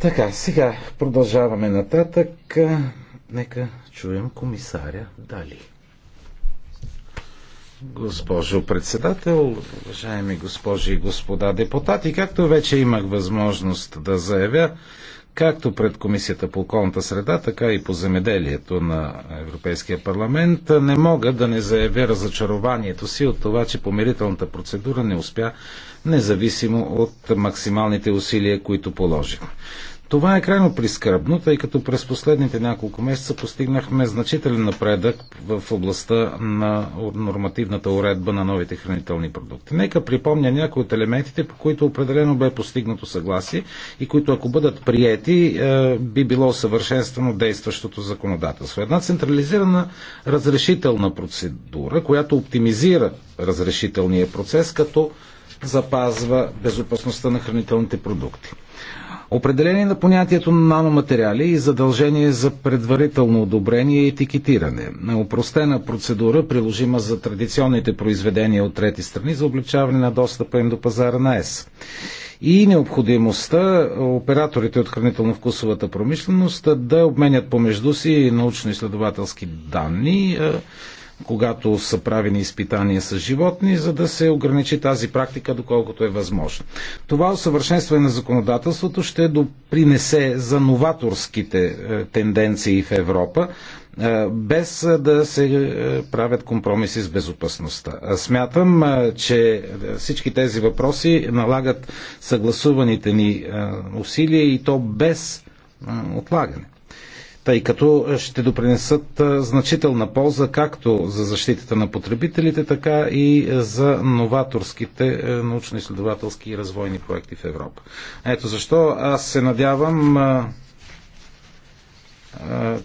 Така, сега продължаваме нататък. Нека чуем комисаря Дали госпожо председател, уважаеми госпожи и господа депутати. Както вече имах възможност да заявя, както пред Комисията по околната среда, така и по земеделието на Европейския парламент, не мога да не заявя разочарованието си от това, че помирителната процедура не успя, независимо от максималните усилия, които положихме. Това е крайно прискърбно, тъй като през последните няколко месеца постигнахме значителен напредък в областта на нормативната уредба на новите хранителни продукти. Нека припомня някои от елементите, по които определено бе постигнато съгласие и които ако бъдат приети, е, би било съвършенствено действащото законодателство. Една централизирана разрешителна процедура, която оптимизира разрешителния процес, като запазва безопасността на хранителните продукти. Определение на понятието на наноматериали и задължение за предварително одобрение и етикетиране. Упростена процедура, приложима за традиционните произведения от трети страни за облегчаване на достъпа им до пазара на ЕС. И необходимостта операторите от хранително-вкусовата промишленост да обменят помежду си научно-изследователски данни когато са правени изпитания с животни, за да се ограничи тази практика доколкото е възможно. Това усъвършенстване на законодателството ще допринесе за новаторските е, тенденции в Европа, е, без е, да се правят компромиси с безопасността. Смятам, че всички тези въпроси налагат съгласуваните ни усилия и то без отлагане тъй като ще допринесат значителна полза както за защитата на потребителите, така и за новаторските е, научно-изследователски и развойни проекти в Европа. Ето защо аз се надявам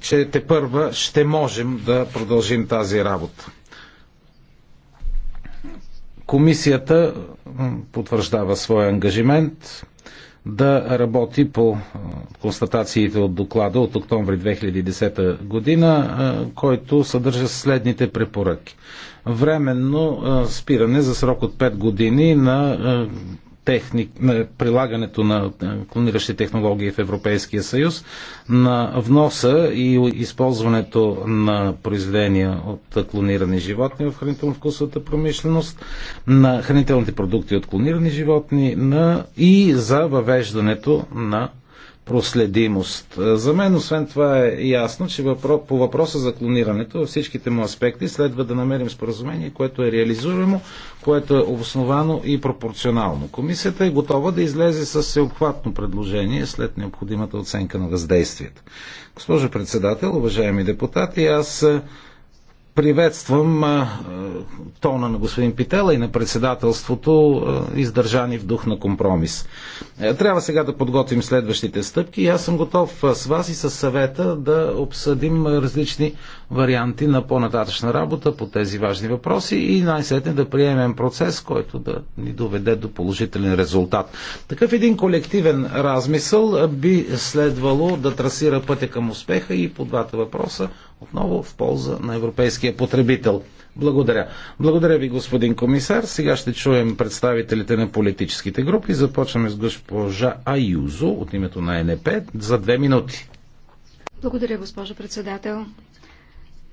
че те първа ще можем да продължим тази работа. Комисията потвърждава своя ангажимент да работи по констатациите от доклада от октомври 2010 година, който съдържа следните препоръки. Временно спиране за срок от 5 години на техник, на прилагането на клониращи технологии в Европейския съюз, на вноса и използването на произведения от клонирани животни в хранително-вкусовата промишленост, на хранителните продукти от клонирани животни на, и за въвеждането на проследимост. Е, за мен, освен това, е ясно, че въпро... по въпроса за клонирането във всичките му аспекти следва да намерим споразумение, което е реализуемо, което е обосновано и пропорционално. Комисията е готова да излезе с всеобхватно предложение след необходимата оценка на въздействието. Госпожо председател, уважаеми депутати, аз е, Приветствам тона на господин Питела и на председателството, издържани в дух на компромис. Е, трябва сега да подготвим следващите стъпки и аз съм готов с вас и с съвета да обсъдим различни варианти на по-нататъчна работа по тези важни въпроси и най-сетне да приемем процес, който да ни доведе до положителен резултат. Такъв един колективен размисъл би следвало да трасира пътя към успеха и по двата въпроса отново в полза на европейския потребител. Благодаря. Благодаря ви, господин комисар. Сега ще чуем представителите на политическите групи. Започваме с госпожа Аюзо от името на НП за две минути. Благодаря, госпожо председател.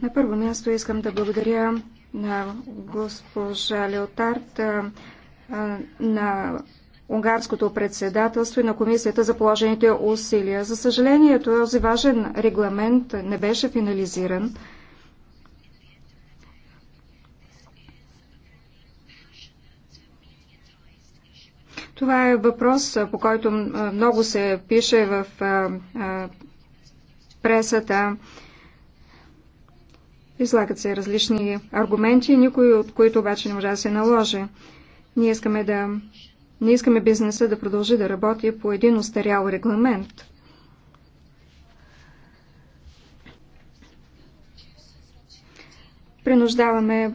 На първо място искам да благодаря на госпожа Леотард, на унгарското председателство и на Комисията за положените усилия. За съжаление, този важен регламент не беше финализиран. Това е въпрос, по който много се пише в пресата. Излагат се различни аргументи, никой от които обаче не може да се наложи. Ние искаме да не искаме бизнеса да продължи да работи по един устарял регламент. Принуждаваме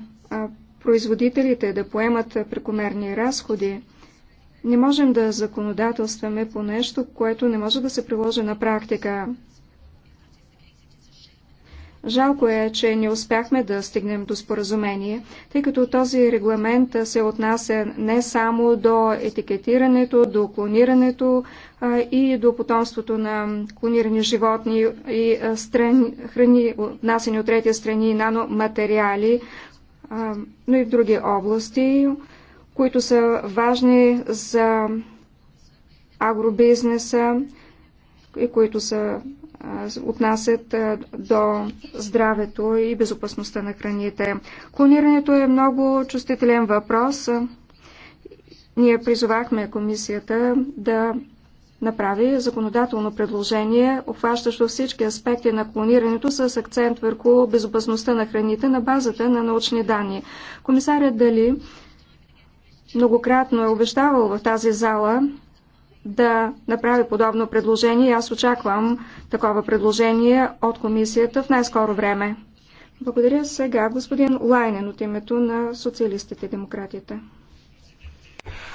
производителите да поемат прекомерни разходи. Не можем да законодателстваме по нещо, което не може да се приложи на практика. Жалко е, че не успяхме да стигнем до споразумение, тъй като този регламент се отнася не само до етикетирането, до клонирането а, и до потомството на клонирани животни и а, храни, отнасени от трети страни наноматериали, а, но и в други области, които са важни за агробизнеса и които са отнасят до здравето и безопасността на храните. Клонирането е много чувствителен въпрос. Ние призовахме комисията да направи законодателно предложение, обхващащо всички аспекти на клонирането с акцент върху безопасността на храните на базата на научни данни. Комисарят Дали многократно е обещавал в тази зала, да направи подобно предложение. Аз очаквам такова предложение от комисията в най-скоро време. Благодаря сега господин Лайнен от името на социалистите и демократите.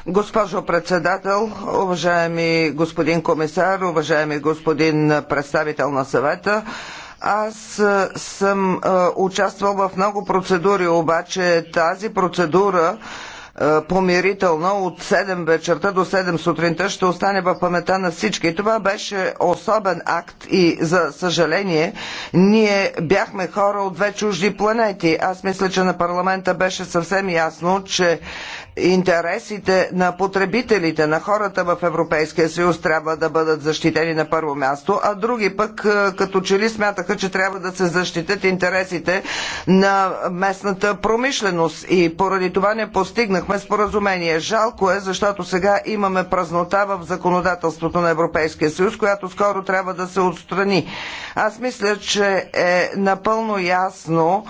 Госпожо председател, уважаеми господин комисар, уважаеми господин представител на съвета, аз е, съм е, участвал в много процедури, обаче тази процедура е, Помирително от 7 вечерта до 7 сутринта ще остане в памета на всички. Това беше особен акт и за съжаление ние бяхме хора от две чужди планети. Аз мисля, че на парламента беше съвсем ясно, че интересите на потребителите, на хората в Европейския съюз трябва да бъдат защитени на първо място, а други пък е, като че ли смятаха, че трябва да се защитят интересите на местната промишленост и поради това не постигнахме споразумение. Жалко е, защото сега имаме празнота в законодателството на Европейския съюз, която скоро трябва да се отстрани. Аз мисля, че е напълно ясно,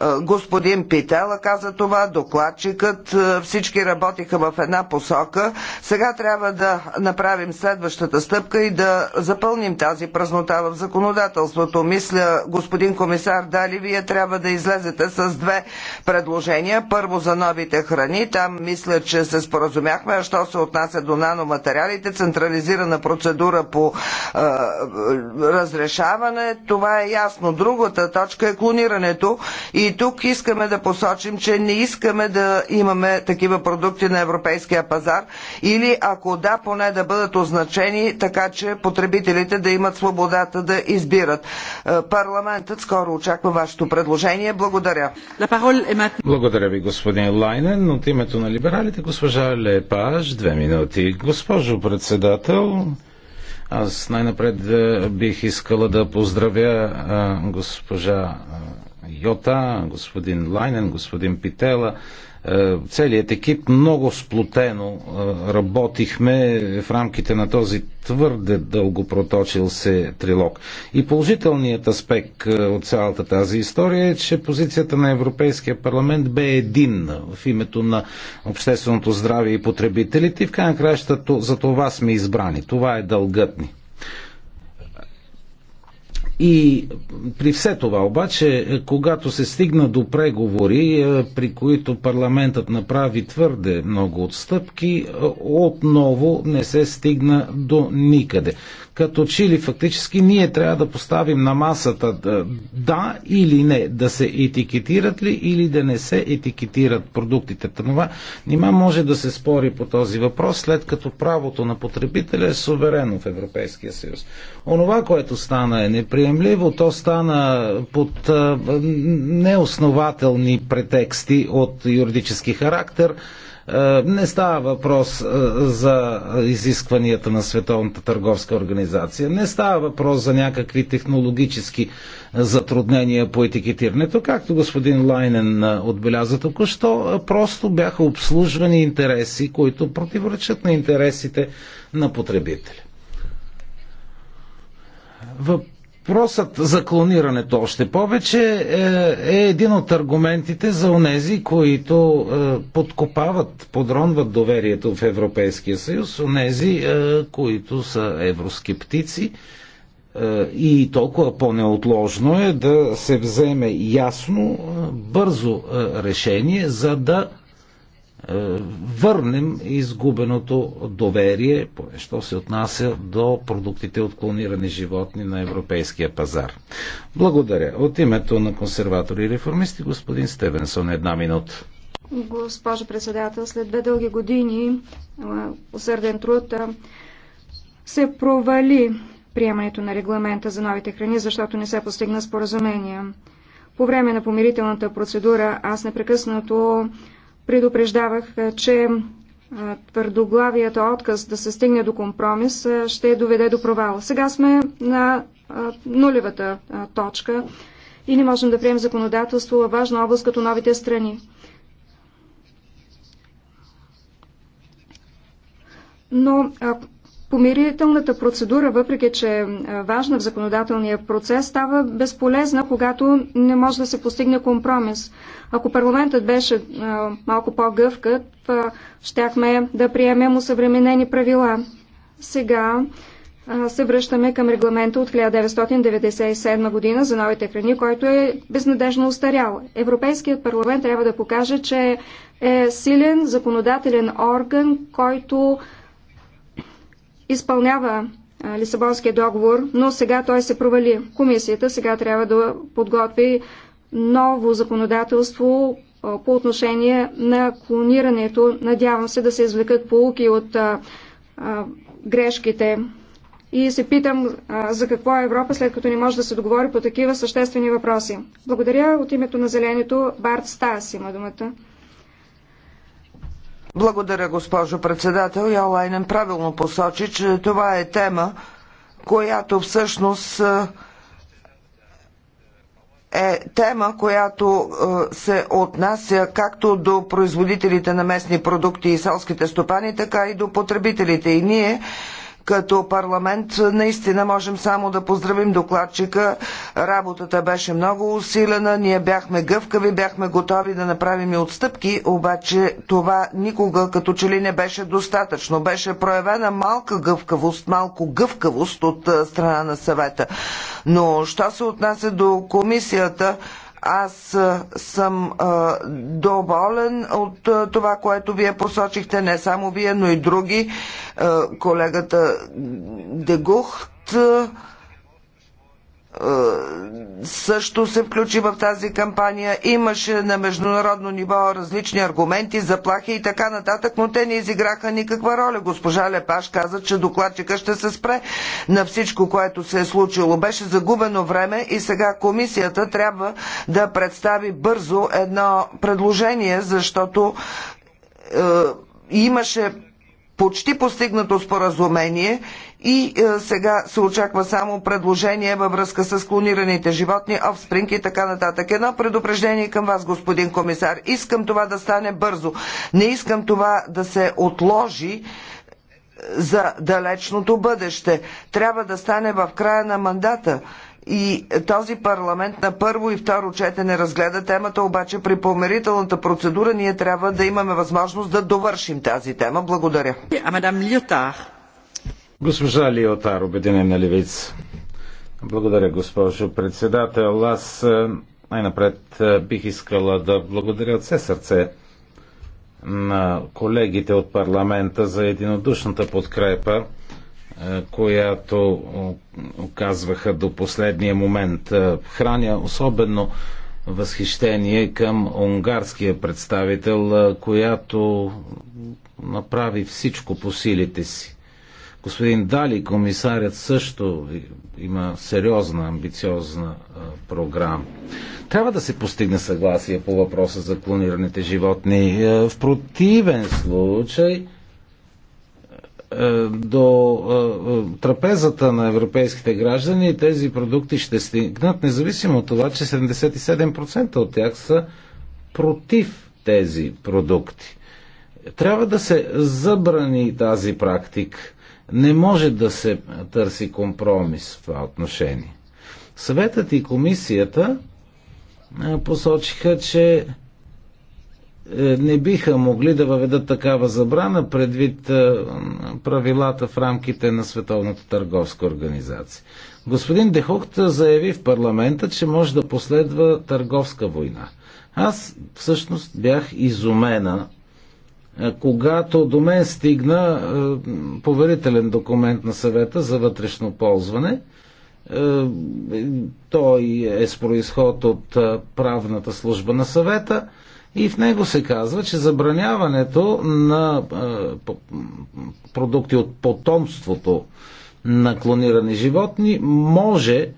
е, господин Питела каза това, докладчикът, е, всички работиха в една посока. Сега трябва да направим следващата стъпка и да запълним тази празнота в законодателството. Мисля, господин комисар Дали, вие трябва да излезете с две предложения. Първо за новите храни, там мисля, че се споразумяхме, а що се отнася до наноматериалите, централизирана процедура по е, разрешаване, това е ясно. Другата точка е клонирането и и тук искаме да посочим, че не искаме да имаме такива продукти на европейския пазар или ако да, поне да бъдат означени, така че потребителите да имат свободата да избират. Е, парламентът скоро очаква вашето предложение. Благодаря. Благодаря ви, господин Лайнен. От името на либералите, госпожа Лепаш, две минути. Госпожо председател, аз най-напред е, бих искала да поздравя е, госпожа Йота, господин Лайнен, господин Питела, е, целият екип много сплотено е, работихме в рамките на този твърде дълго проточил се трилог. И положителният аспект е, от цялата тази история е, че позицията на Европейския парламент бе единна в името на общественото здраве и потребителите и в крайна краща за това сме избрани. Това е дългът ни. И при все това обаче, когато се стигна до преговори, е, при които парламентът направи твърде много отстъпки, е, отново не се стигна до никъде като че ли фактически ние трябва да поставим на масата да, да или не, да се етикетират ли или да не се етикетират продуктите. Това нима може да се спори по този въпрос, след като правото на потребителя е суверено в Европейския съюз. Онова, което стана е неприемливо, то стана под неоснователни претексти от юридически характер – е, не става въпрос е, за изискванията на Световната търговска организация. Не става въпрос за някакви технологически е, затруднения по етикетирането. Както господин Лайнен отбеляза току-що, просто бяха обслужвани интереси, които противоречат на интересите на потребителя. Въпросът за клонирането още повече е, е, един от аргументите за онези, които е, подкопават, подронват доверието в Европейския съюз, онези, е, които са евроскептици. И толкова по-неотложно е да се вземе ясно, бързо решение, за да е, върнем изгубеното доверие, що се отнася до продуктите от клонирани животни на европейския пазар. Благодаря. От името на консерватори и реформисти, господин Стевенсон, една минута. Госпожо председател, след две дълги години усърден труд се провали приемането на регламента за новите храни, защото не се постигна споразумение. По време на помирителната процедура аз непрекъснато предупреждавах, че твърдоглавият отказ да се стигне до компромис ще доведе до провал. Сега сме на нулевата точка и не можем да приемем законодателство във важна област като новите страни. Но Помирителната процедура, въпреки че е важна в законодателния процес, става безполезна, когато не може да се постигне компромис. Ако парламентът беше е, малко по-гъвкът, е, щяхме да приемем усъвременени правила. Сега е, се връщаме към регламента от 1997 година за новите храни, който е безнадежно устарял. Европейският парламент трябва да покаже, че е силен законодателен орган, който изпълнява Лисабонския договор, но сега той се провали. Комисията сега трябва да подготви ново законодателство по отношение на клонирането. Надявам се да се извлекат полуки от а, а, грешките. И се питам а, за какво е Европа, след като не може да се договори по такива съществени въпроси. Благодаря от името на Зеленето. Барт Стас има думата. Благодаря, госпожо председател. Йолайнен правилно посочи, че това е тема, която всъщност е, е тема, която е, се отнася както до производителите на местни продукти и селските стопани, така и до потребителите. И ние като парламент наистина можем само да поздравим докладчика. Работата беше много усилена, ние бяхме гъвкави, бяхме готови да направим и отстъпки, обаче това никога като че ли не беше достатъчно. Беше проявена малка гъвкавост, малко гъвкавост от страна на съвета. Но що се отнася до комисията, аз съм доволен от това, което вие посочихте, не само вие, но и други. Колегата Дегухт е, също се включи в тази кампания. Имаше на международно ниво различни аргументи, заплахи и така нататък, но те не изиграха никаква роля. Госпожа Лепаш каза, че докладчика ще се спре на всичко, което се е случило. Беше загубено време и сега комисията трябва да представи бързо едно предложение, защото е, имаше почти постигнато споразумение и е, сега се очаква само предложение във връзка с клонираните животни, офспринг и така нататък. Едно предупреждение към вас, господин комисар. Искам това да стане бързо. Не искам това да се отложи е, за далечното бъдеще. Трябва да стане в края на мандата. И този парламент на първо и второ четене разгледа темата, обаче при помирителната процедура ние трябва да имаме възможност да довършим тази тема. Благодаря. Госпожа Лиотар, Обединена левица. Благодаря, госпожо председател. Аз е, най-напред е, бих искала да благодаря от все сърце на колегите от парламента за единодушната подкрепа която оказваха до последния момент. Храня особено възхищение към унгарския представител, която направи всичко по силите си. Господин Дали, комисарят, също има сериозна, амбициозна програма. Трябва да се постигне съгласие по въпроса за клонираните животни. В противен случай е, до е, е, трапезата на европейските граждани тези продукти ще стигнат, независимо от това, че 77% от тях са против тези продукти. Трябва да се забрани тази практика. Не може да се търси компромис в това отношение. Съветът и комисията посочиха, че е, не биха могли да въведат такава забрана предвид е, правилата в рамките на Световната търговска организация. Господин Дехохт заяви в парламента, че може да последва търговска война. Аз всъщност бях изумена, е, когато до мен стигна поверителен документ на съвета за вътрешно ползване. Той е с происход от правната служба на съвета – и в него се казва, че забраняването на продукти от потомството на клонирани животни може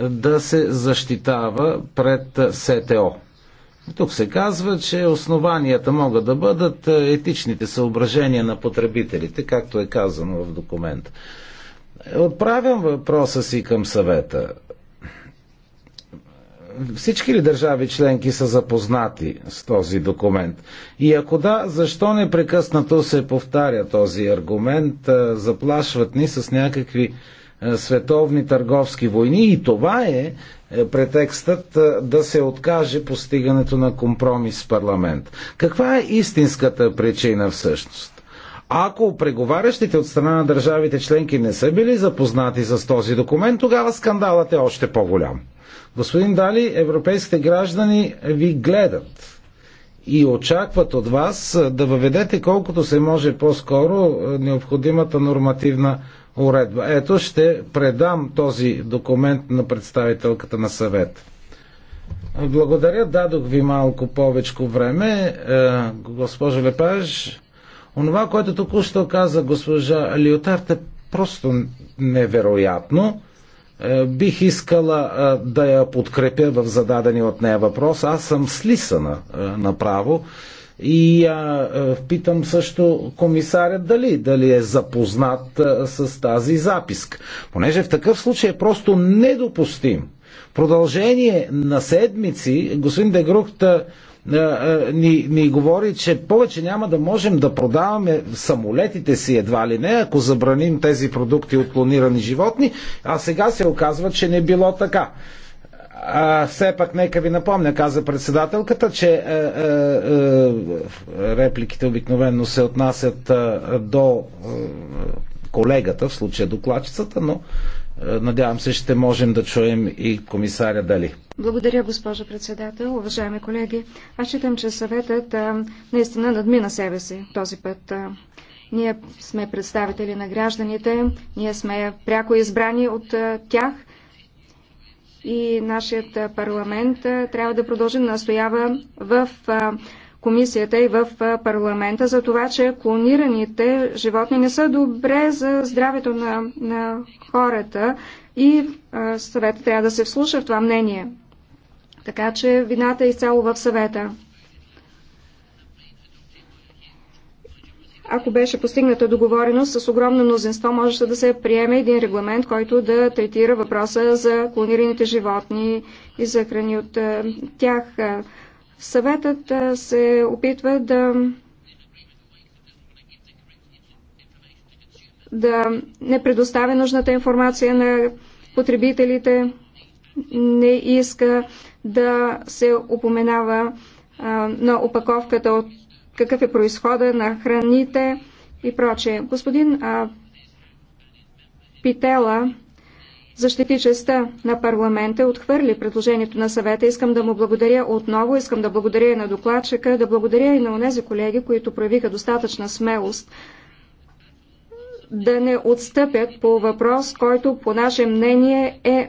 да се защитава пред СТО. Тук се казва, че основанията могат да бъдат етичните съображения на потребителите, както е казано в документа. Отправям въпроса си към съвета. Всички ли държави членки са запознати с този документ? И ако да, защо непрекъснато се повтаря този аргумент? Заплашват ни с някакви световни търговски войни и това е, е претекстът да се откаже постигането на компромис с парламент. Каква е истинската причина всъщност? Ако преговарящите от страна на държавите членки не са били запознати с този документ, тогава скандалът е още по-голям. Господин Дали, европейските граждани ви гледат и очакват от вас да въведете колкото се може по-скоро необходимата нормативна уредба. Ето ще предам този документ на представителката на съвет. Благодаря, дадох ви малко повече време. Госпожо Лепаж, онова, което току-що каза госпожа Лиотарт е просто невероятно. Е, бих искала е, да я подкрепя в зададени от нея въпрос. Аз съм слисана е, направо и питам също комисаря дали, дали е запознат с тази записка. Понеже в такъв случай е просто недопустим. Продължение на седмици господин Дегрухта ни, ни говори, че повече няма да можем да продаваме самолетите си едва ли не, ако забраним тези продукти от клонирани животни, а сега се оказва, че не било така. А, все пак нека ви напомня, каза председателката, че е, е, е, репликите обикновено се отнасят е, до е, колегата, в случая докладчицата, но е, надявам се, ще можем да чуем и комисаря Дали. Благодаря, госпожа председател. Уважаеми колеги, аз считам, че съветът а, е, наистина надмина себе си този път. А, е, ние сме представители на гражданите, ние сме пряко избрани от а, тях и нашият парламент а, трябва да продължи да настоява в а, комисията и в парламента за това, че клонираните животни не са добре за здравето на, на хората и съвета трябва да се вслуша в това мнение. Така че вината е изцяло в съвета. ако беше постигната договореност, с огромно мнозинство можеше да се приеме един регламент, който да третира въпроса за клонираните животни и за храни от тях. Съветът се опитва да да не предоставя нужната информация на потребителите, не иска да се упоменава а, на опаковката от какъв е происхода на храните и прочее. Господин а, Питела защити честа на парламента, отхвърли предложението на съвета. Искам да му благодаря отново, искам да благодаря и на докладчика, да благодаря и на онези колеги, които проявиха достатъчна смелост да не отстъпят по въпрос, който по наше мнение е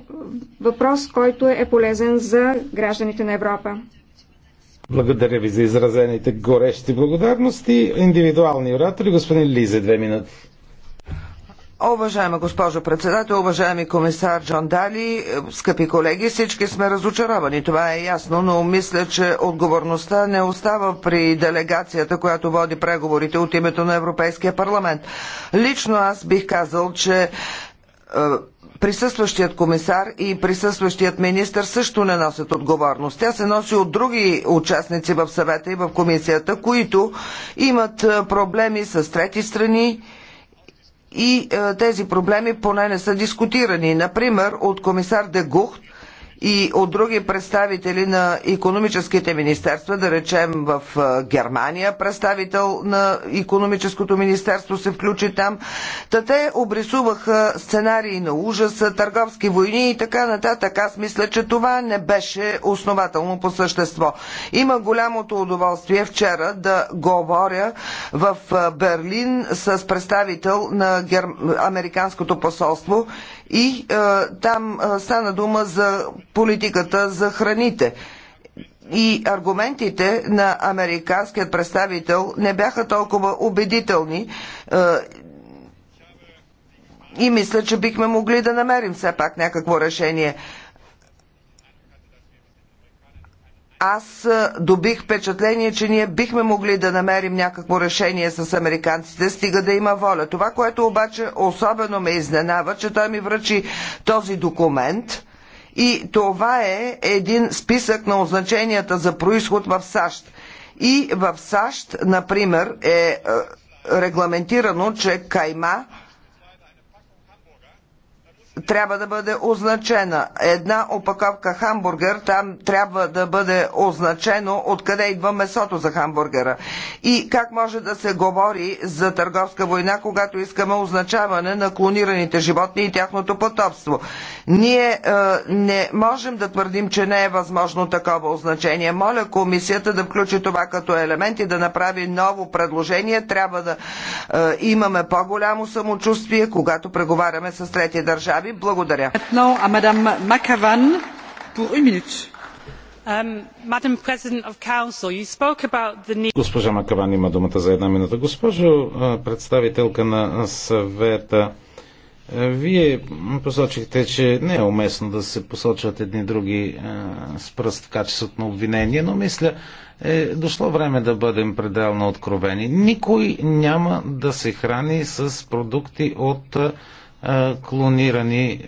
въпрос, който е полезен за гражданите на Европа. Благодаря ви за изразените горещи благодарности. Индивидуални оратори, господин Лизе, две минути. Уважаема госпожо председател, уважаеми комисар Джон Дали, скъпи колеги, всички сме разочаровани, това е ясно, но мисля, че отговорността не остава при делегацията, която води преговорите от името на Европейския парламент. Лично аз бих казал, че е, присъстващият комисар и присъстващият министр също не носят отговорност. Тя се носи от други участници в съвета и в комисията, които имат е, проблеми с трети страни, и е, тези проблеми поне не са дискутирани. Например, от комисар Дегухт и от други представители на економическите министерства, да речем в Германия представител на економическото министерство се включи там. Та те обрисуваха сценарии на ужаса, търговски войни и така нататък. Аз мисля, че това не беше основателно по същество. Има голямото удоволствие вчера да говоря в Берлин с представител на Гер... Американското посолство и там стана дума за политиката за храните и аргументите на американският представител не бяха толкова убедителни и мисля, че бихме могли да намерим все пак някакво решение. аз добих впечатление, че ние бихме могли да намерим някакво решение с американците, стига да има воля. Това, което обаче особено ме изненава, че той ми връчи този документ и това е един списък на означенията за происход в САЩ. И в САЩ, например, е регламентирано, че кайма трябва да бъде означена. Една опаковка хамбургер, там трябва да бъде означено откъде идва месото за хамбургера. И как може да се говори за търговска война, когато искаме означаване на клонираните животни и тяхното потопство. Ние е, не можем да твърдим, че не е възможно такова означение. Моля комисията да включи това като елемент и да направи ново предложение. Трябва да е, имаме по-голямо самочувствие, когато преговаряме с трети държави ви. Благодаря. Um, Госпожа Макаван има думата за една минута. Госпожо представителка на съвета, вие посочихте, че не е уместно да се посочват едни други с пръст в качеството на обвинение, но мисля, е дошло време да бъдем пределно откровени. Никой няма да се храни с продукти от клонирани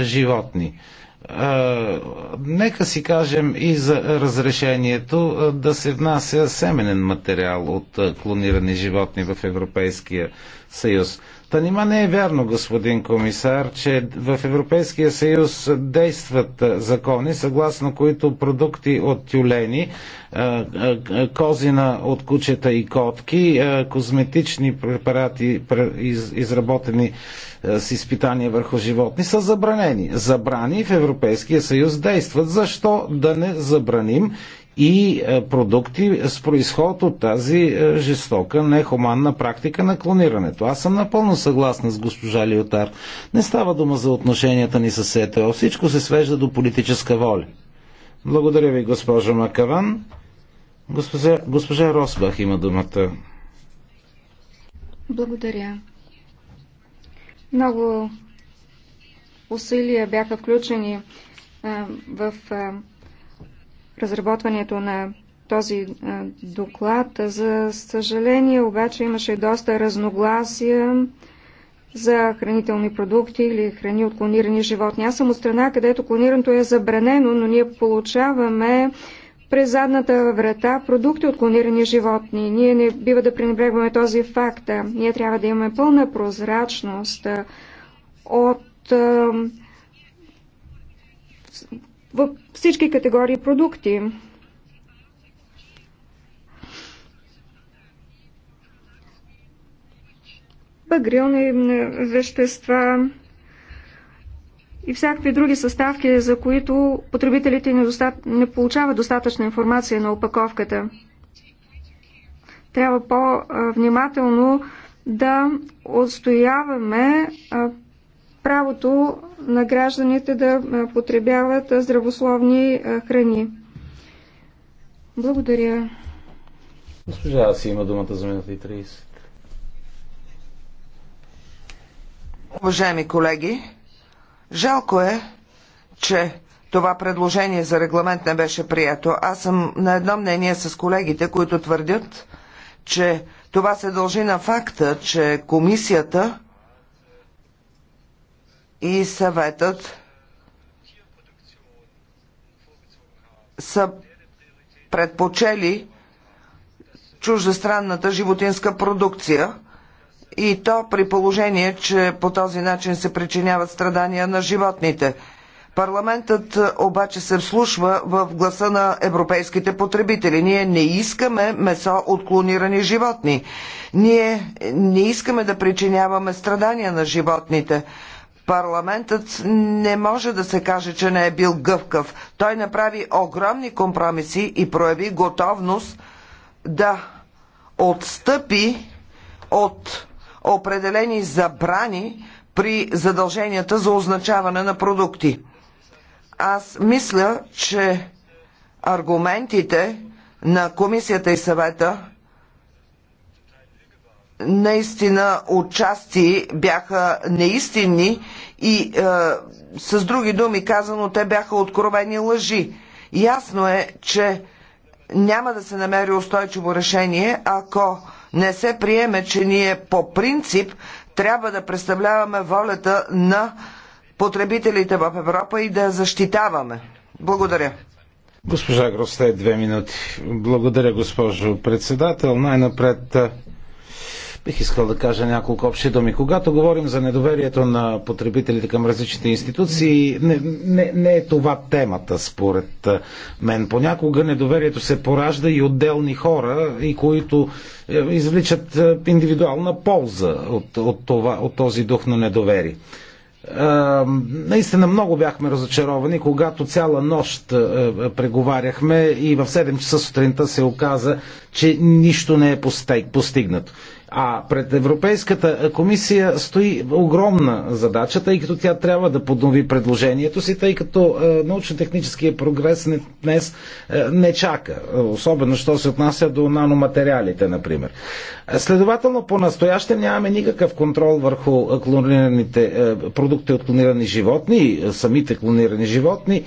животни. Нека си кажем и за разрешението да се внася семенен материал от клонирани животни в Европейския съюз. Та нима не е вярно, господин комисар, че в Европейския съюз действат закони, съгласно които продукти от тюлени, козина от кучета и котки, козметични препарати, изработени с изпитания върху животни, са забранени. Забрани в Европейския съюз действат. Защо да не забраним и е, продукти с происход от тази е, жестока, нехуманна практика на клонирането. Аз съм напълно съгласна с госпожа Лиотар. Не става дума за отношенията ни с ЕТО. Всичко се свежда до политическа воля. Благодаря ви, госпожа Макаван. Госпожа, госпожа Росбах има думата. Благодаря. Много усилия бяха включени в разработването на този е, доклад. За съжаление обаче имаше доста разногласия за хранителни продукти или храни от клонирани животни. Аз съм от страна, където клонирането е забранено, но ние получаваме през задната врата продукти от клонирани животни. Ние не бива да пренебрегваме този факт. Ние трябва да имаме пълна прозрачност от е, във всички категории продукти. Багрилни вещества и всякакви други съставки, за които потребителите не, достат... не получават достатъчна информация на опаковката. Трябва по-внимателно да отстояваме правото на гражданите да потребяват здравословни храни. Благодаря. Госпожа си има думата за минута и 30. Уважаеми колеги, жалко е, че това предложение за регламент не беше прието. Аз съм на едно мнение с колегите, които твърдят, че това се дължи на факта, че комисията и съветът са предпочели чуждестранната животинска продукция и то при положение, че по този начин се причиняват страдания на животните. Парламентът обаче се вслушва в гласа на европейските потребители. Ние не искаме месо от клонирани животни. Ние не искаме да причиняваме страдания на животните. Парламентът не може да се каже, че не е бил гъвкав. Той направи огромни компромиси и прояви готовност да отстъпи от определени забрани при задълженията за означаване на продукти. Аз мисля, че аргументите на комисията и съвета наистина отчасти бяха неистинни и е, с други думи казано, те бяха откровени лъжи. Ясно е, че няма да се намери устойчиво решение, ако не се приеме, че ние по принцип трябва да представляваме волята на потребителите в Европа и да я защитаваме. Благодаря. Госпожа Гросте, две минути. Благодаря, госпожо председател. Най-напред Бих искал да кажа няколко общи думи. Когато говорим за недоверието на потребителите към различните институции, не, не, не е това темата, според мен. Понякога недоверието се поражда и отделни хора, и които е, извличат е, индивидуална полза от, от, това, от този дух на недоверие наистина много бяхме разочаровани, когато цяла нощ е, преговаряхме и в 7 часа сутринта се оказа, че нищо не е постигнато. А пред Европейската комисия стои огромна задача, тъй като тя трябва да поднови предложението си, тъй като е, научно-техническия прогрес днес е, не чака, е, особено що се отнася до наноматериалите, например. Следователно, по-настояще нямаме никакъв контрол върху клонираните продукти от клонирани животни, самите клонирани животни.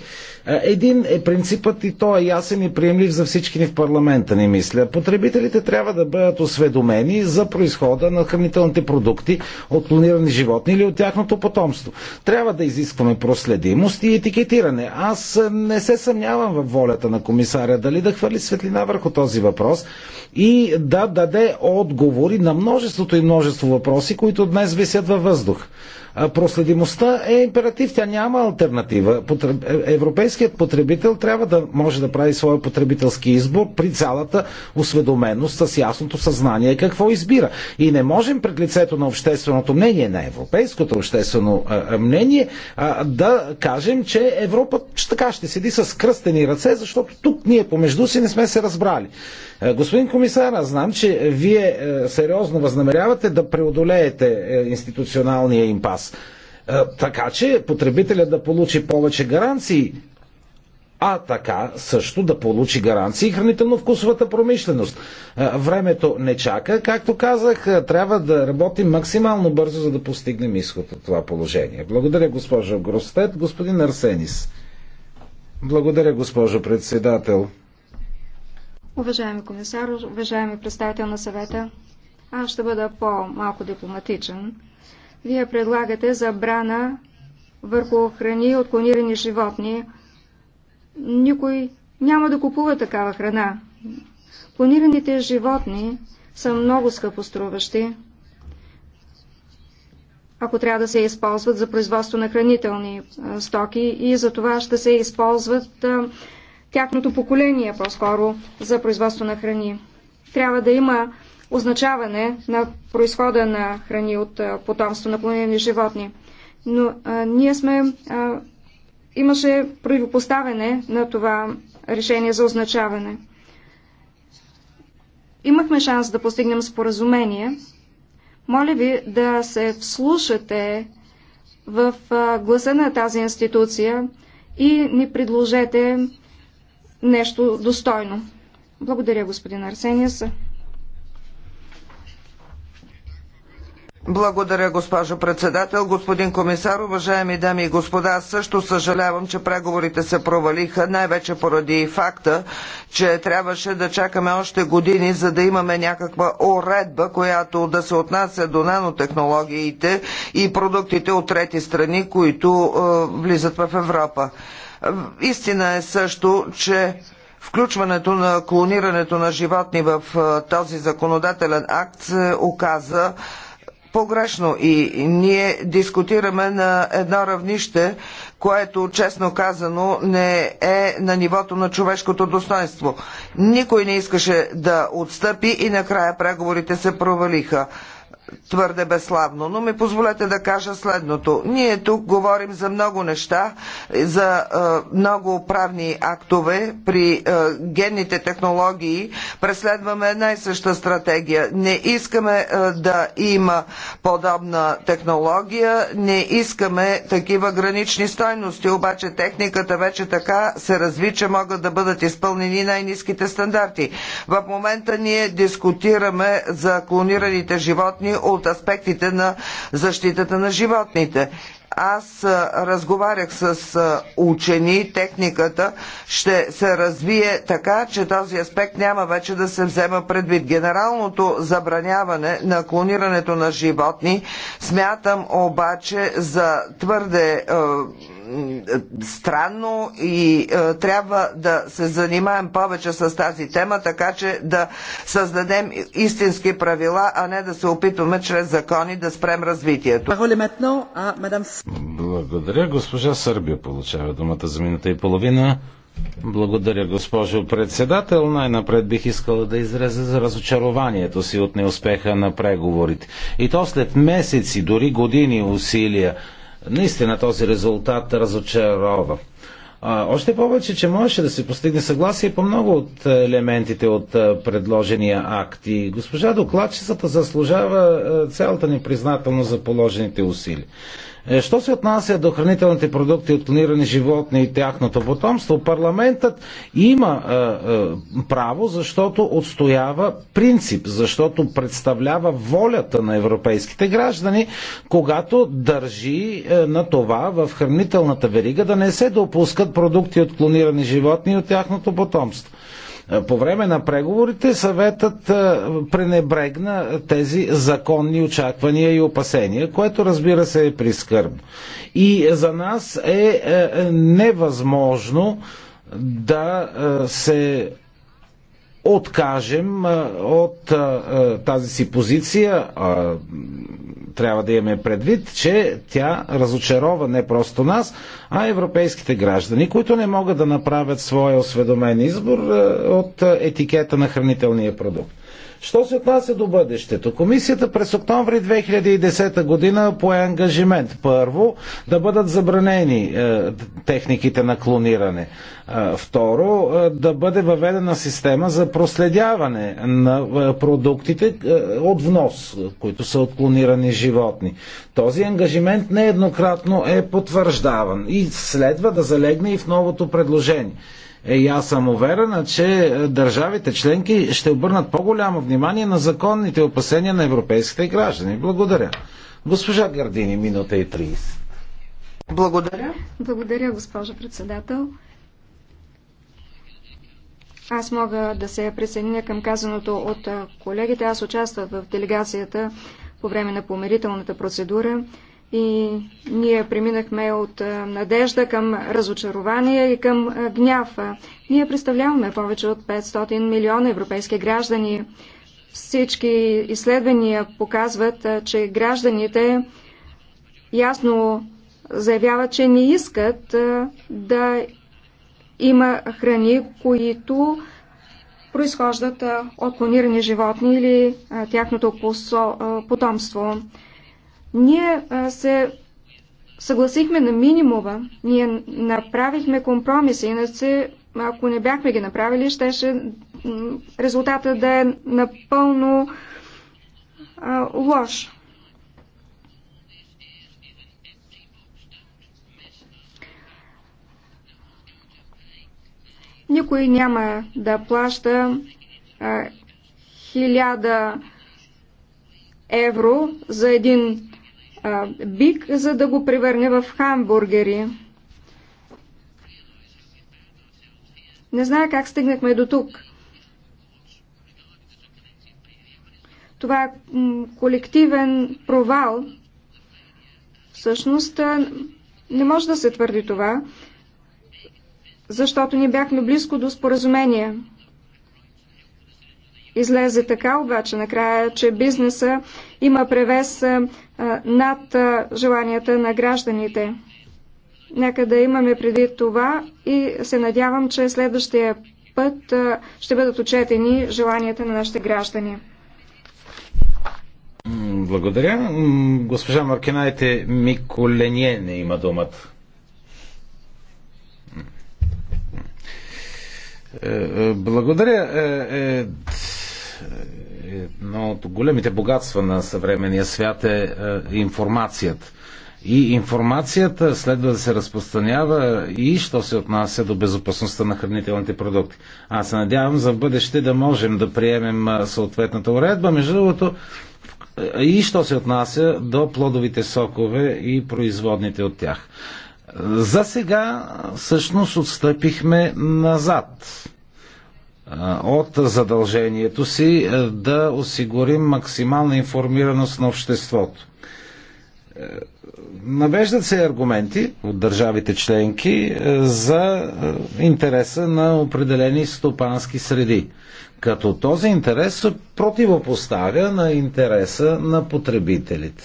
Един е принципът и той е ясен и приемлив за всички ни в парламента, не мисля. Потребителите трябва да бъдат осведомени за происхода на хранителните продукти от клонирани животни или от тяхното потомство. Трябва да изискваме проследимост и етикетиране. Аз не се съмнявам в волята на комисаря дали да хвърли светлина върху този въпрос и да даде отговори на множеството и множество въпроси, които днес висят във въздух. Проследимостта е императив, тя няма альтернатива. Е, европейският потребител трябва да може да прави своя потребителски избор при цялата осведоменост с ясното съзнание какво избира функционира. И не можем пред лицето на общественото мнение, на европейското обществено мнение, да кажем, че Европа така ще седи с кръстени ръце, защото тук ние помежду си не сме се разбрали. Господин комисар, аз знам, че вие е, сериозно възнамерявате да преодолеете е, институционалния импас. Така че потребителят да получи повече гаранции, а така също да получи гаранции хранително-вкусовата промишленост. Времето не чака. Както казах, трябва да работим максимално бързо, за да постигнем изход от това положение. Благодаря, госпожо Гростет. Господин Арсенис. Благодаря, госпожо председател. Уважаеми комисар, уважаеми представител на съвета, аз ще бъда по-малко дипломатичен. Вие предлагате забрана върху храни от клонирани животни, никой няма да купува такава храна. Планираните животни са много скъпоструващи, ако трябва да се използват за производство на хранителни стоки и за това ще се използват тяхното поколение по-скоро за производство на храни. Трябва да има означаване на происхода на храни от потомство на планирани животни. Но а, ние сме а, имаше противопоставяне на това решение за означаване. Имахме шанс да постигнем споразумение. Моля ви да се вслушате в гласа на тази институция и ни предложете нещо достойно. Благодаря, господин Арсениеса. Благодаря, госпожо председател. Господин комисар, уважаеми дами и господа, аз също съжалявам, че преговорите се провалиха, най-вече поради факта, че трябваше да чакаме още години, за да имаме някаква уредба, която да се отнася до нанотехнологиите и продуктите от трети страни, които е, влизат в Европа. Истина е също, че Включването на клонирането на животни в е, този законодателен акт се оказа погрешно и ние дискутираме на едно равнище, което честно казано не е на нивото на човешкото достоинство. Никой не искаше да отстъпи и накрая преговорите се провалиха твърде безславно, но ми позволете да кажа следното. Ние тук говорим за много неща, за е, много правни актове при е, генните технологии. Преследваме една и съща стратегия. Не искаме е, да има подобна технология, не искаме такива гранични стойности, обаче техниката вече така се разви, че могат да бъдат изпълнени най-низките стандарти. В момента ние дискутираме за клонираните животни, от аспектите на защитата на животните. Аз разговарях с учени, техниката ще се развие така, че този аспект няма вече да се взема предвид. Генералното забраняване на клонирането на животни смятам обаче за твърде е, странно и е, трябва да се занимаем повече с тази тема, така че да създадем истински правила, а не да се опитваме чрез закони да спрем развитието. Благодаря. Госпожа Сърбия получава думата за минута и половина. Благодаря, госпожо председател. Най-напред бих искала да изразя за разочарованието си от неуспеха на преговорите. И то след месеци, дори години усилия Наистина този резултат разочарова. Още повече, че можеше да се постигне съгласие по много от елементите от предложения акт. И госпожа докладчицата заслужава цялата ни признателност за положените усилия. Е, що се отнася до хранителните продукти от клонирани животни и тяхното потомство, парламентът има е, е, право, защото отстоява принцип, защото представлява волята на европейските граждани, когато държи е, на това в хранителната верига да не се допускат продукти от клонирани животни и от тяхното потомство. Е, по време на преговорите съветът е, пренебрегна тези законни очаквания и опасения, което разбира се е прискърбно. И за нас е, е невъзможно да се откажем от тази си позиция, трябва да имаме предвид, че тя разочарова не просто нас, а европейските граждани, които не могат да направят своя осведомен избор от етикета на хранителния продукт. Що се отнася до бъдещето? Комисията през октомври 2010 година пое ангажимент първо да бъдат забранени е, техниките на клониране. Е, второ, е, да бъде въведена система за проследяване на е, продуктите е, от внос, които са от клонирани животни. Този ангажимент нееднократно е потвърждаван и следва да залегне и в новото предложение. Е, и аз съм уверена, че е, държавите членки ще обърнат по-голямо внимание на законните опасения на европейските граждани. Благодаря. Госпожа Гардини, минута и 30. Благодаря. Благодаря, госпожа председател. Аз мога да се присъединя към казаното от колегите. Аз участвах в делегацията по време на помирителната процедура. И ние преминахме от надежда към разочарование и към гняв. Ние представляваме повече от 500 милиона европейски граждани. Всички изследвания показват, че гражданите ясно заявяват, че не искат да има храни, които произхождат от клонирани животни или тяхното потомство. Ние се съгласихме на минимума, ние направихме компромиси, иначе ако не бяхме ги направили, щеше резултата да е напълно а, лош. Никой няма да плаща хиляда евро за един бик, за да го превърне в хамбургери. Не знае как стигнахме до тук. Това е колективен провал. Всъщност не може да се твърди това, защото ние бяхме близко до споразумение. Излезе така обаче накрая, че бизнеса има превес над желанията на гражданите. Нека да имаме преди това и се надявам, че следващия път ще бъдат отчетени желанията на нашите граждани. Благодаря. Госпожа Маркинайте Миколение не има думата. Е, е, благодаря. Е, едно от големите богатства на съвременния свят е, е информацията. И информацията следва да се разпространява и що се отнася до безопасността на хранителните продукти. Аз се надявам за в бъдеще да можем да приемем съответната уредба. Между другото, и що се отнася до плодовите сокове и производните от тях. За сега всъщност отстъпихме назад от задължението си е, да осигурим максимална информираност на обществото. Е, навеждат се аргументи от държавите членки е, за интереса на определени стопански среди. Като този интерес се противопоставя на интереса на потребителите.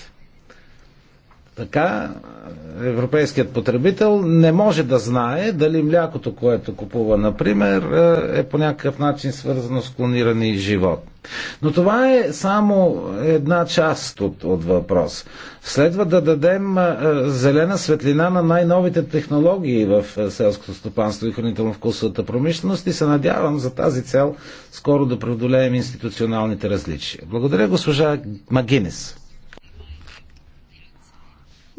Така европейският потребител не може да знае дали млякото, което купува, например, е, е по някакъв начин свързано с клонирани живот. Но това е само една част от, от въпрос. Следва да дадем е, зелена светлина на най-новите технологии в е, селското стопанство и хранително-вкусовата промишленост и се надявам за тази цел скоро да преодолеем институционалните различия. Благодаря, госпожа Магинес.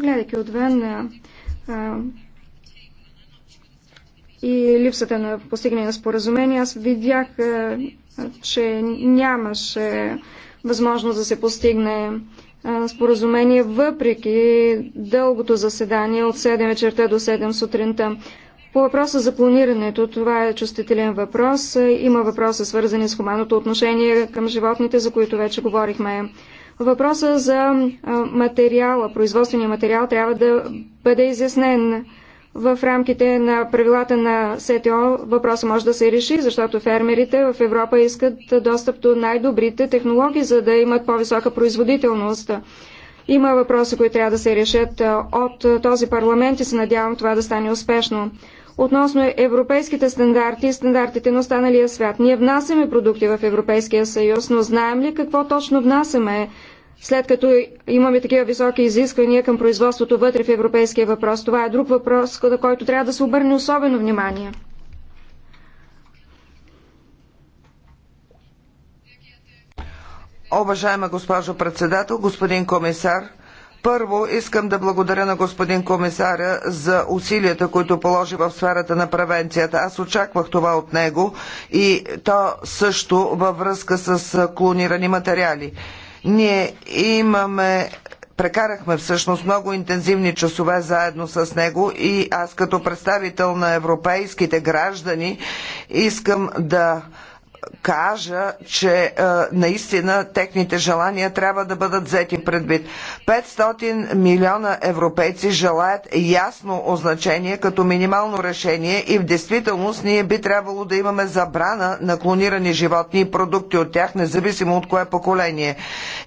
Гледайки отвън а, и липсата на постигане на споразумение, аз видях, а, че нямаше възможност да се постигне а, споразумение, въпреки дългото заседание от 7 вечерта до 7 сутринта. По въпроса за планирането, това е чувствителен въпрос. Има въпроса свързани с хуманното отношение към животните, за които вече говорихме. Въпроса за материала, производствения материал трябва да бъде изяснен в рамките на правилата на СТО въпросът може да се реши, защото фермерите в Европа искат достъп до най-добрите технологии, за да имат по-висока производителност. Има въпроси, които трябва да се решат от този парламент и се надявам това да стане успешно. Относно европейските стандарти и стандартите на останалия свят. Ние внасяме продукти в Европейския съюз, но знаем ли какво точно внасяме? след като имаме такива високи изисквания към производството вътре в европейския въпрос. Това е друг въпрос, на който трябва да се обърне особено внимание. Уважаема госпожо председател, господин комисар, първо искам да благодаря на господин комисаря за усилията, които положи в сферата на превенцията. Аз очаквах това от него и то също във връзка с клонирани материали. Ние имаме прекарахме всъщност много интензивни часове заедно с него и аз като представител на европейските граждани искам да кажа, че е, наистина техните желания трябва да бъдат взети предвид. 500 милиона европейци желаят ясно означение като минимално решение и в действителност ние би трябвало да имаме забрана на клонирани животни и продукти от тях, независимо от кое поколение.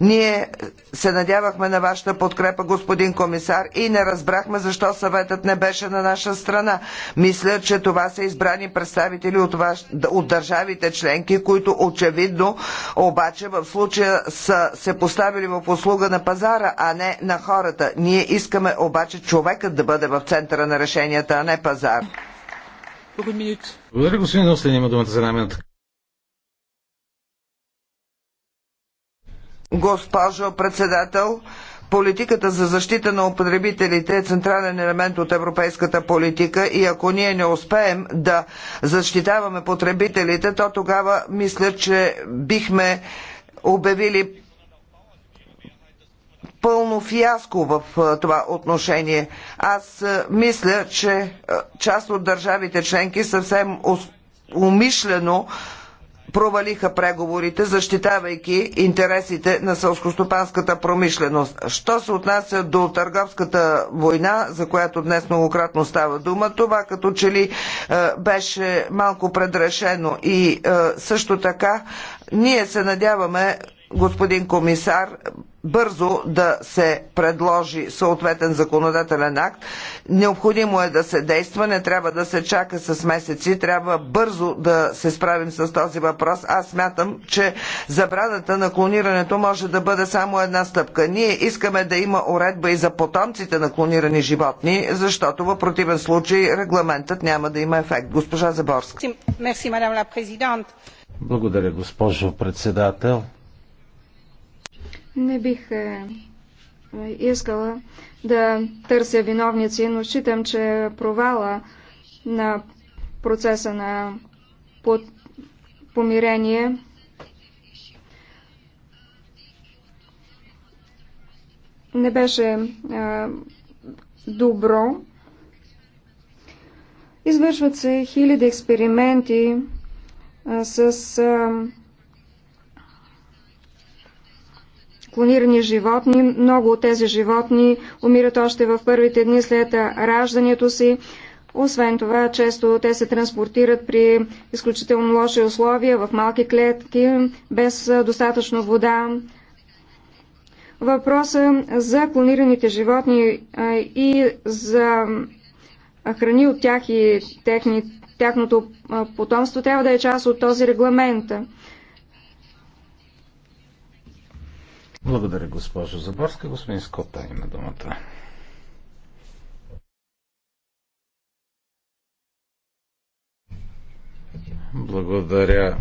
Ние се надявахме на вашата подкрепа, господин комисар, и не разбрахме защо съветът не беше на наша страна. Мисля, че това са избрани представители от, ваш... от държавите членки членки, които очевидно обаче в случая са се поставили в услуга на пазара, а не на хората. Ние искаме обаче човекът да бъде в центъра на решенията, а не пазар. Благодаря, господин Ослин, Има думата за една Госпожо председател, Политиката за защита на употребителите е централен елемент от европейската политика и ако ние не успеем да защитаваме потребителите, то тогава мисля, че бихме обявили пълно фиаско в това отношение. Аз мисля, че част от държавите членки съвсем умишлено провалиха преговорите, защитавайки интересите на сълскостопанската промишленост. Що се отнася до търговската война, за която днес многократно става дума, това като че ли е, беше малко предрешено и е, също така ние се надяваме господин комисар, бързо да се предложи съответен законодателен акт. Необходимо е да се действа, не трябва да се чака с месеци, трябва бързо да се справим с този въпрос. Аз смятам, че забраната на клонирането може да бъде само една стъпка. Ние искаме да има уредба и за потомците на клонирани животни, защото в противен случай регламентът няма да има ефект. Госпожа Заборска. Благодаря, госпожо председател. Не бих е, искала да търся виновници, но считам, че провала на процеса на под... помирение не беше е, добро. Извършват се хиляди експерименти а, е, с а, е, клонирани животни. Много от тези животни умират още в първите дни след раждането си. Освен това, често те се транспортират при изключително лоши условия в малки клетки, без достатъчно вода. Въпроса за клонираните животни и за храни от тях и техни, тяхното потомство трябва да е част от този регламент. Благодаря, госпожо Заборска. Господин Скота има думата. Благодаря,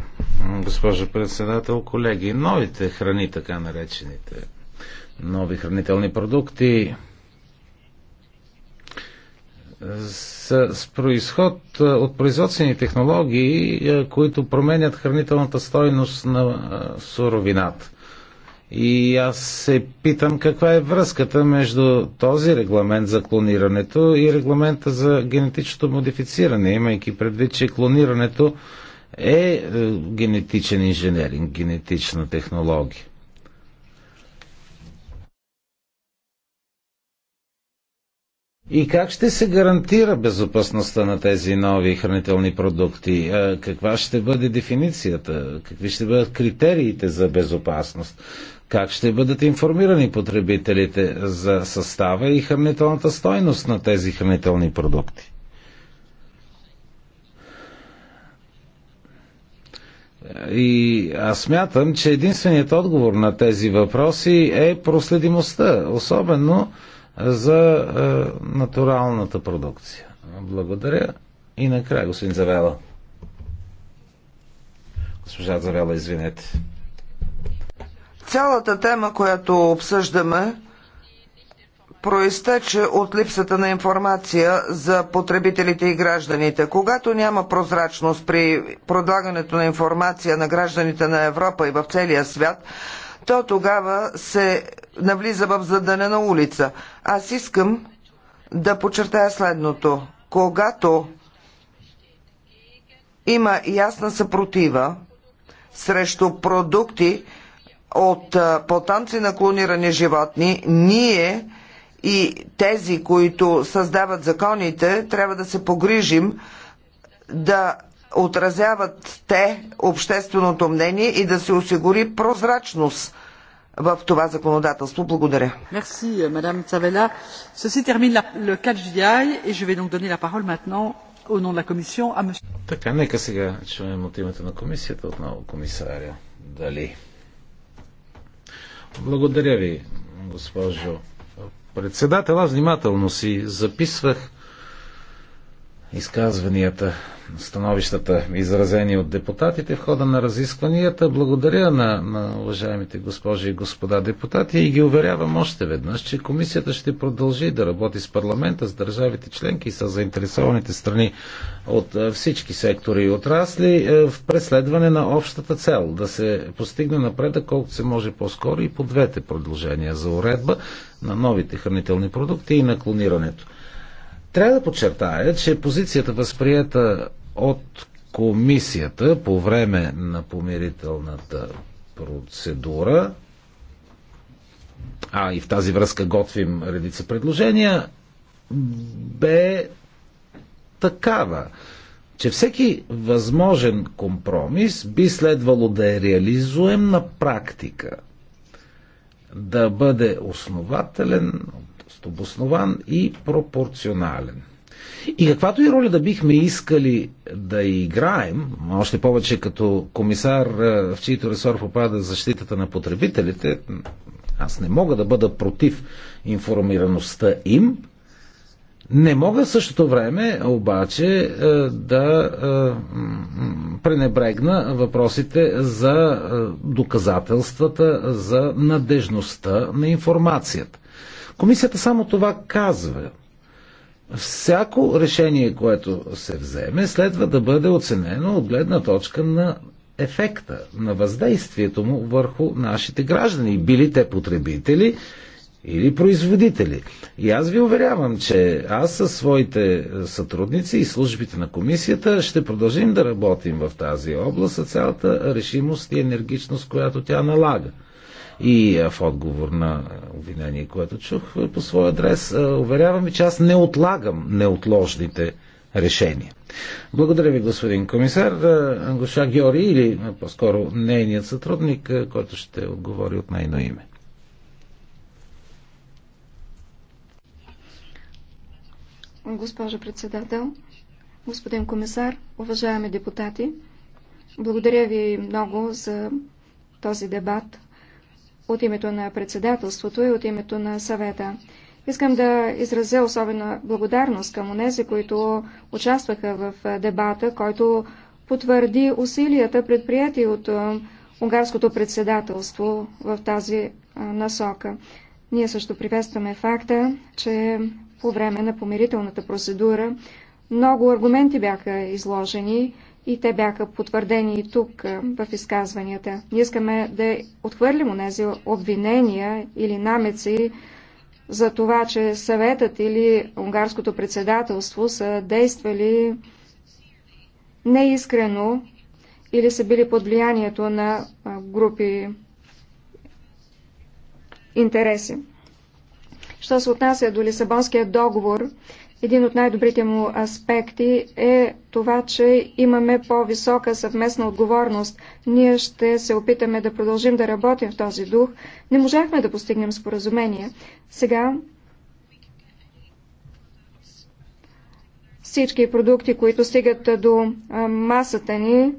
госпожо председател, колеги. Новите храни, така наречените нови хранителни продукти, с, с происход от производствени технологии, които променят хранителната стойност на суровината. И аз се питам каква е връзката между този регламент за клонирането и регламента за генетичното модифициране, имайки предвид, че клонирането е, е генетичен инженеринг, генетична технология. И как ще се гарантира безопасността на тези нови хранителни продукти? Е, каква ще бъде дефиницията? Какви ще бъдат критериите за безопасност? Как ще бъдат информирани потребителите за състава и хранителната стойност на тези хранителни продукти? И аз смятам, че единственият отговор на тези въпроси е проследимостта, особено за е, натуралната продукция. Благодаря. И накрая, господин Завела. Госпожа Завела, извинете. Цялата тема, която обсъждаме, проистече от липсата на информация за потребителите и гражданите. Когато няма прозрачност при продлагането на информация на гражданите на Европа и в целия свят, то тогава се навлиза в на улица. Аз искам да подчертая следното. Когато има ясна съпротива срещу продукти, от потомци на клонирани животни, ние и тези, които създават законите, трябва да се погрижим да отразяват те общественото мнение и да се осигури прозрачност в това законодателство. Благодаря. Мерси, мадам Цавела. Ceci termine le 4GI и je vais donc donner la parole maintenant au nom de la commission à monsieur... Така, нека сега чуем от името на комисията отново комисаря. Дали? Благодаря ви, госпожо председател. Аз внимателно си записвах изказванията, становищата, изразени от депутатите в хода на разискванията. Благодаря на, на уважаемите госпожи и господа депутати и ги уверявам още веднъж, че комисията ще продължи да работи с парламента, с държавите членки и с заинтересованите страни от е, всички сектори и отрасли е, в преследване на общата цел да се постигне напредък колкото се може по-скоро и по двете предложения за уредба на новите хранителни продукти и на клонирането. Трябва да подчертая, че позицията възприета от комисията по време на помирителната процедура, а и в тази връзка готвим редица предложения, бе такава, че всеки възможен компромис би следвало да е реализуем на практика, да бъде основателен, съд, обоснован и пропорционален. И каквато и роля да бихме искали да играем, още повече като комисар, е, в чийто ресор попада защитата на потребителите, аз не мога да бъда против информираността им, не мога в същото време обаче е, да е, пренебрегна въпросите за доказателствата, за надежността на информацията. Комисията само това казва. Всяко решение, което се вземе, следва да бъде оценено от гледна точка на ефекта, на въздействието му върху нашите граждани, били те потребители или производители. И аз ви уверявам, че аз със своите сътрудници и службите на комисията ще продължим да работим в тази област с цялата решимост и енергичност, която тя налага. И е, в отговор на обвинение, което чух е, по своя адрес, е, уверявам ви, че аз не отлагам неотложните решения. Благодаря ви, господин комисар. Ангуша Георги или по-скоро нейният сътрудник, който ще отговори от нейно име. Госпожо председател, господин комисар, уважаеми депутати, благодаря ви много за този дебат от името на председателството и от името на съвета. Искам да изразя особена благодарност към онези, които участваха в дебата, който потвърди усилията, предприяти от унгарското председателство в тази насока. Ние също приветстваме факта, че по време на помирителната процедура много аргументи бяха изложени, и те бяха потвърдени и тук е, в изказванията. Ние искаме да отхвърлим онези обвинения или намеци за това, че съветът или унгарското председателство са действали неискрено или са били под влиянието на е, групи интереси. Що се отнася до Лисабонския договор, един от най-добрите му аспекти е това, че имаме по-висока съвместна отговорност. Ние ще се опитаме да продължим да работим в този дух. Не можахме да постигнем споразумение. Сега всички продукти, които стигат до масата ни,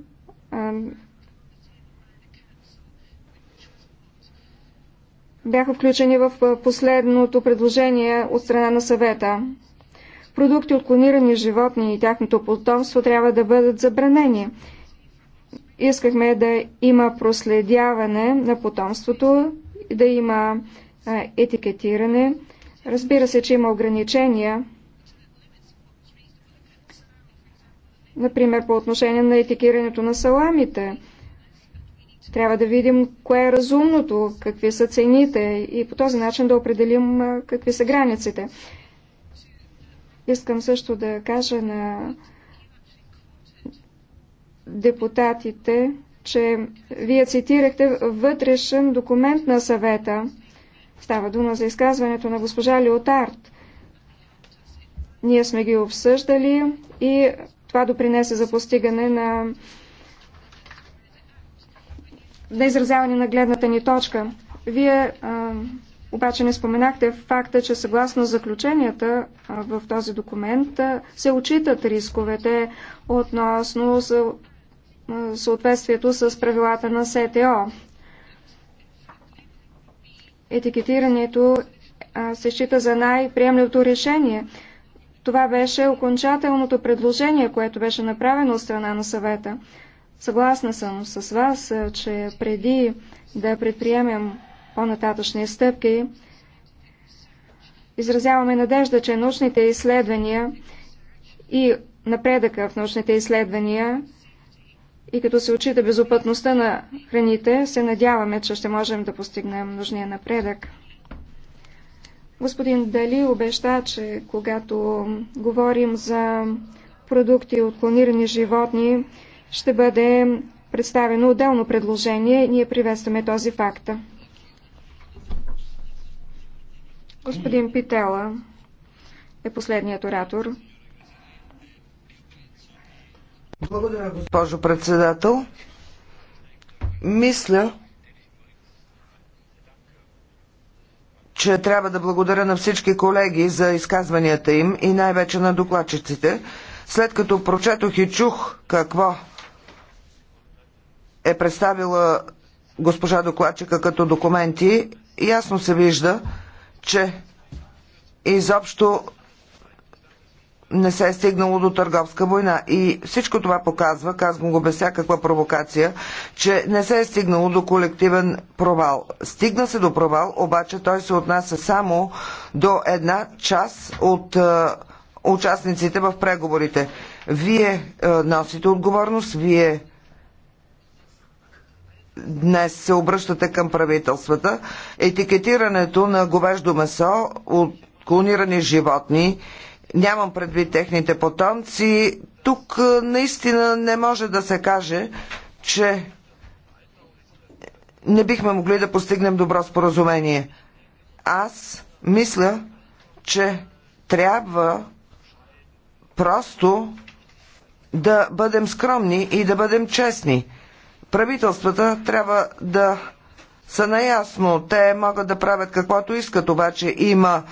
бяха включени в последното предложение от страна на съвета. Продукти от клонирани животни и тяхното потомство трябва да бъдат забранени. Искахме да има проследяване на потомството, да има етикетиране. Разбира се, че има ограничения, например по отношение на етикирането на саламите. Трябва да видим кое е разумното, какви са цените и по този начин да определим какви са границите. Искам също да кажа на депутатите, че вие цитирахте вътрешен документ на съвета. Става дума за изказването на госпожа Леотард. Ние сме ги обсъждали и това допринесе за постигане на на изразяване на гледната ни точка. Вие а, обаче не споменахте факта, че съгласно заключенията в този документ се отчитат рисковете относно съответствието с правилата на СТО. Етикетирането се счита за най-приемливото решение. Това беше окончателното предложение, което беше направено от страна на съвета. Съгласна съм с вас, че преди да предприемем по-нататъчни стъпки. Изразяваме надежда, че научните изследвания и напредъка в научните изследвания и като се очита безопътността на храните, се надяваме, че ще можем да постигнем нужния напредък. Господин Дали обеща, че когато говорим за продукти от клонирани животни, ще бъде представено отделно предложение. Ние приветстваме този факт. Господин Питела е последният оратор. Благодаря, госпожо председател. Мисля, че трябва да благодаря на всички колеги за изказванията им и най-вече на докладчиците. След като прочетох и чух какво е представила госпожа докладчика като документи, ясно се вижда, че изобщо не се е стигнало до търговска война. И всичко това показва, казвам го без всякаква провокация, че не се е стигнало до колективен провал. Стигна се до провал, обаче той се отнася само до една част от е, участниците в преговорите. Вие е, носите отговорност, вие днес се обръщате към правителствата. Етикетирането на говеждо месо от клонирани животни, нямам предвид техните потомци, тук наистина не може да се каже, че не бихме могли да постигнем добро споразумение. Аз мисля, че трябва просто да бъдем скромни и да бъдем честни. Правителствата трябва да са наясно. Те могат да правят каквото искат, обаче има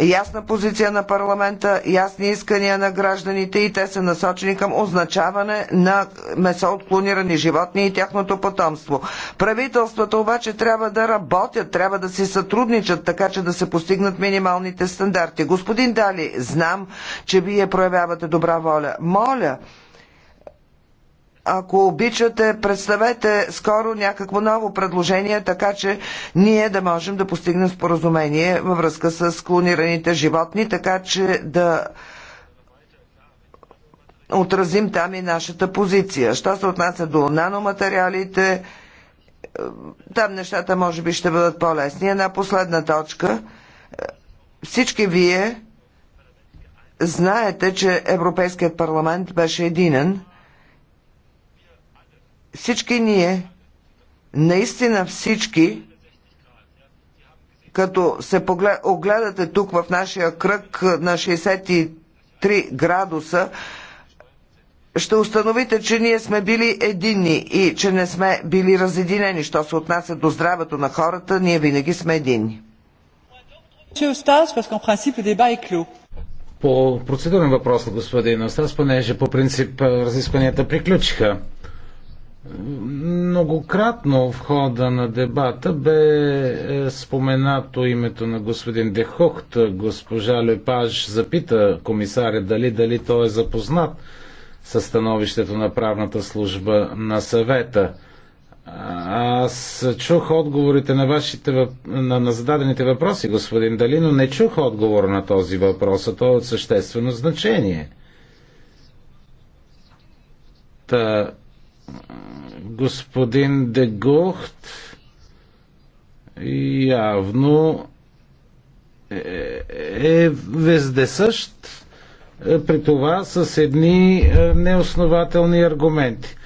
ясна позиция на парламента, ясни искания на гражданите и те са насочени към означаване на месо от клонирани животни и тяхното потомство. Правителствата обаче трябва да работят, трябва да си сътрудничат, така че да се постигнат минималните стандарти. Господин Дали, знам, че вие проявявате добра воля. Моля, ако обичате, представете скоро някакво ново предложение, така че ние да можем да постигнем споразумение във връзка с клонираните животни, така че да отразим там и нашата позиция. Що се отнася до наноматериалите, е, там нещата може би ще бъдат по-лесни. Една последна точка. Е, всички вие знаете, че Европейският парламент беше единен всички ние, наистина всички, като се огледате тук в нашия кръг на 63 градуса, ще установите, че ние сме били единни и че не сме били разединени. Що се отнася до здравето на хората, ние винаги сме единни. По процедурен въпрос, господин Остас, понеже по принцип разискванията приключиха. Многократно в хода на дебата бе е, споменато името на господин Дехохт. Госпожа Лепаж запита комисаря дали, дали той е запознат със становището на правната служба на съвета. Аз чух отговорите на, вашите, на, на зададените въпроси, господин Дали, но не чух отговор на този въпрос, а той е от съществено значение. Та, господин Дегохт явно е, е вездесъщ, е, при това с едни е, неоснователни аргументи.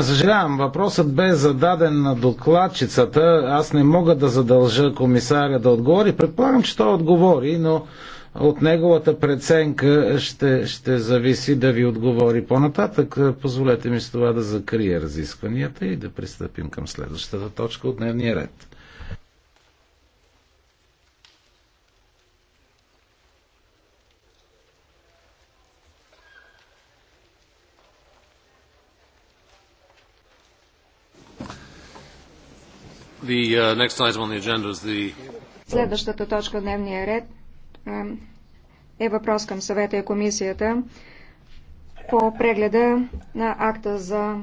Съжалявам, въпросът бе зададен на докладчицата. Аз не мога да задължа комисаря да отговори. Предполагам, че той отговори, но от неговата преценка ще, ще зависи да ви отговори по-нататък. Позволете ми с това да закрия разискванията и да пристъпим към следващата точка от дневния ред. The, uh, the... Следващата точка в дневния ред е, е въпрос към съвета и комисията по прегледа на акта за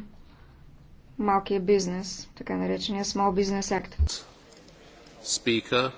малкия бизнес, така наречения Small Business Act. Speaker.